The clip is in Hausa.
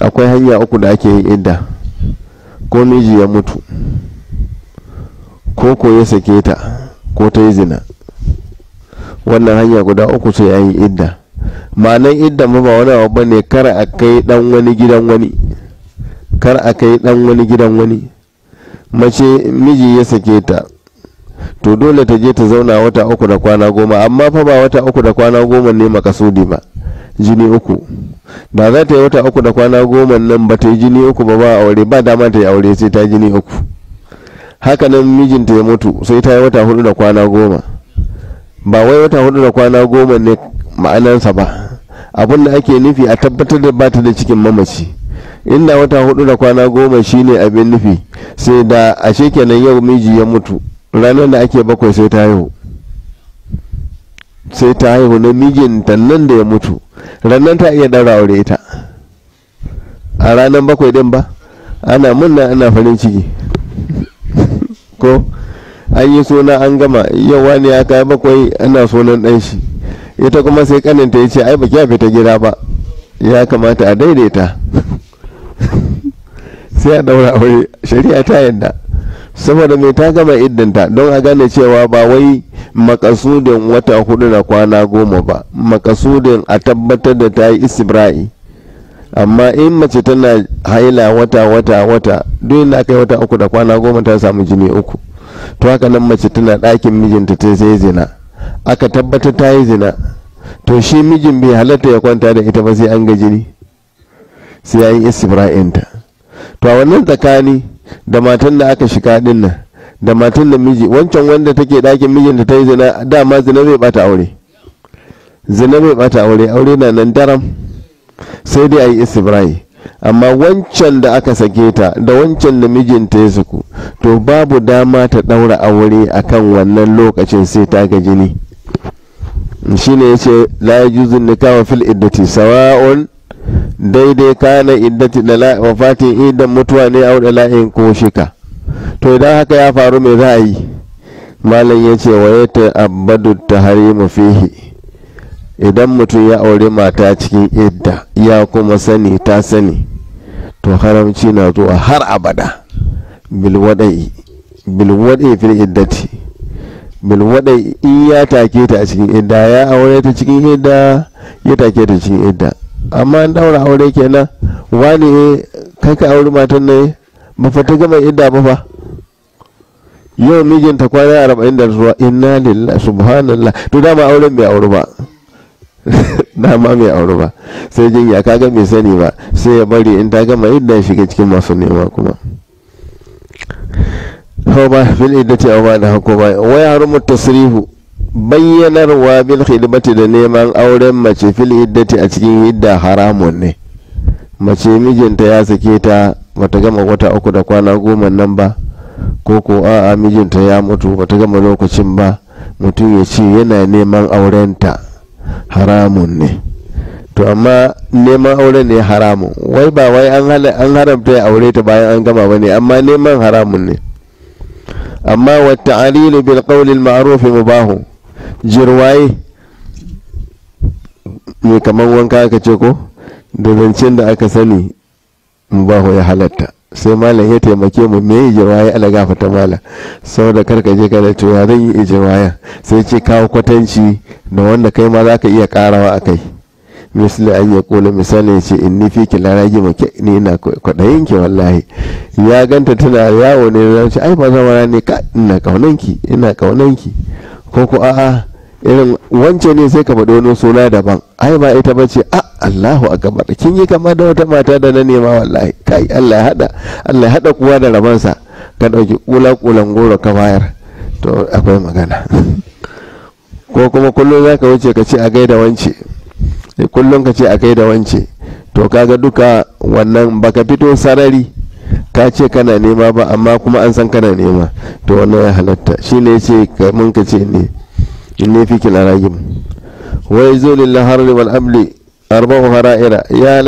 akwai hanya uku da ake yin idda ko miji ya mutu ko ko ya sake ta ko ta yi zina wannan hanya guda uku sai an yi idda ma'anan idda ma ba wani abu ne kar a kai dan wani gidan wani kar a kai dan wani gidan wani mace miji ya sake ta to dole ta je ta zauna wata uku da kwana goma amma fa ba wata uku da kwana goma ne makasudi ba jini uku da za ta yi wata uku da kwana goma nan ba ta yi jini uku ba ba a aure ba dama ta yi aure sai ta jini uku haka nan mijinta ya mutu sai ta yi wata hudu da kwana goma ba wai wata hudu da kwana goma ne ma'anansa ba abin da ake nufi a tabbatar da bata da cikin mamaci inda wata hudu da kwana goma shine abin nufi sai da a kenan yau miji ya mutu ranar da ake bakwai sai ta haihu sai ta haihu na mijinta nan da ya mutu rannan ta iya ɗaura aure ita a ranar bakwai din ba ana munna ana farin ciki ko an yi suna an gama yau wani ya kai bakwai ana sunan ɗan shi ita kuma sai kaninta ya ce ai ba kya fita gida ba ya kamata a daidaita sai a ɗaura aure shari'a ta yadda saboda mai ta gama iddinta don a gane cewa ba wai makasudin wata hudu na kwana goma ba makasudin a tabbatar da ta yi isibra'i amma in mace tana haila wata wata wata duk na kai wata uku da kwana goma ta samu jini uku to haka nan mace tana ɗakin mijinta ta sai zina aka tabbatar ta yi zina to shi mijin bai halatta ya kwanta da ita ba sai an ga jini sai ya yi isibra'inta to a wannan tsakani da matan da aka shiga din nan da matan da miji wancan wanda take mijin mijinta ta yi zina dama zina bai bata aure zina bai bata aure aure na nan daram sai dai a yi amma wancan da aka sake ta da wancan da mijinta ya suku to babu dama ta ɗaura aure akan wannan lokacin sai ta ga jini shine yace la yajuzun nikahu fil iddati sawa'un daidai kana iddati da wafati idan mutuwa ne au da la'in ko shika to idan haka ya faru mai za a yi malam ya ce waye ta ya ta'abbadu taharimu fihi idan mutum ya aure mata cikin idda ya kuma sani ta sani to haramci na zuwa har abada bilwadai bilwadai fil iddati bilwadai in ya take ta a cikin idda ya aure ta cikin idda ya take ta cikin idda amma an daura aure kenan wani kai ka auri matan ne ba fa ta gama idda ba fa yau mijinta kwana arba'in da zuwa inna lillah subhanallah to dama auren bai auri ba dama mai auri ba sai jinya kaga mai sani ba sai ya bari in ta gama idda shiga cikin masu nema kuma hau ba fil iddati aw ma da hukuma wa yahrumu bayyanarwa bil khidmati da neman auren mace fil iddati a cikin yadda haramun ne mace mijinta ya sake ta bata gama wata uku da kwana goma nan ba ko ko a'a mijinta ya mutu bata gama lokacin ba mutum ya ce yana neman aurenta haramun ne to amma neman auren ne haramun wai ba wai an haramta ya aure ta bayan an gama ba ne amma neman haramun ne amma wata alilu bil qawli ma'arufi mubahu jirwaye mai kamar wanka aka ce ko da zancen da aka sani mu ba ya halatta sai malam ya taimake mu me yi jirwaye ala mala malam da karka je kada to ya zan yi jirwaye sai ce kawo kwatanci da wanda kai ma za ka iya karawa a kai misali an ya kula misali ya ce in ni fi laragi maki ni ina kwaɗayin ki wallahi ya ganta tana yawo ne ya ce ai ba zama ne ina kaunanki ina kaunanki ko ku a'a irin wance ne sai ka faɗi wani suna daban ai ba ita ba ce a ah, Allahu akbar kin yi kama da wata mata da na nema wallahi kai Allah ya hada Allah ya hada kuwa da sa ka dauki kula kulan goro ka bayar to akwai magana ko kuma kullum zaka wuce ka ce a gaida wance eh, kullum ka ce a gaida wance to kaga duka wannan baka fito sarari ka ce kana nema ba amma kuma an san kana nema to wannan ya halatta shi ne ce kamun ka ce ne in ne fi kila ragim wai zo lillahi harri wal amli arbahu hara'ira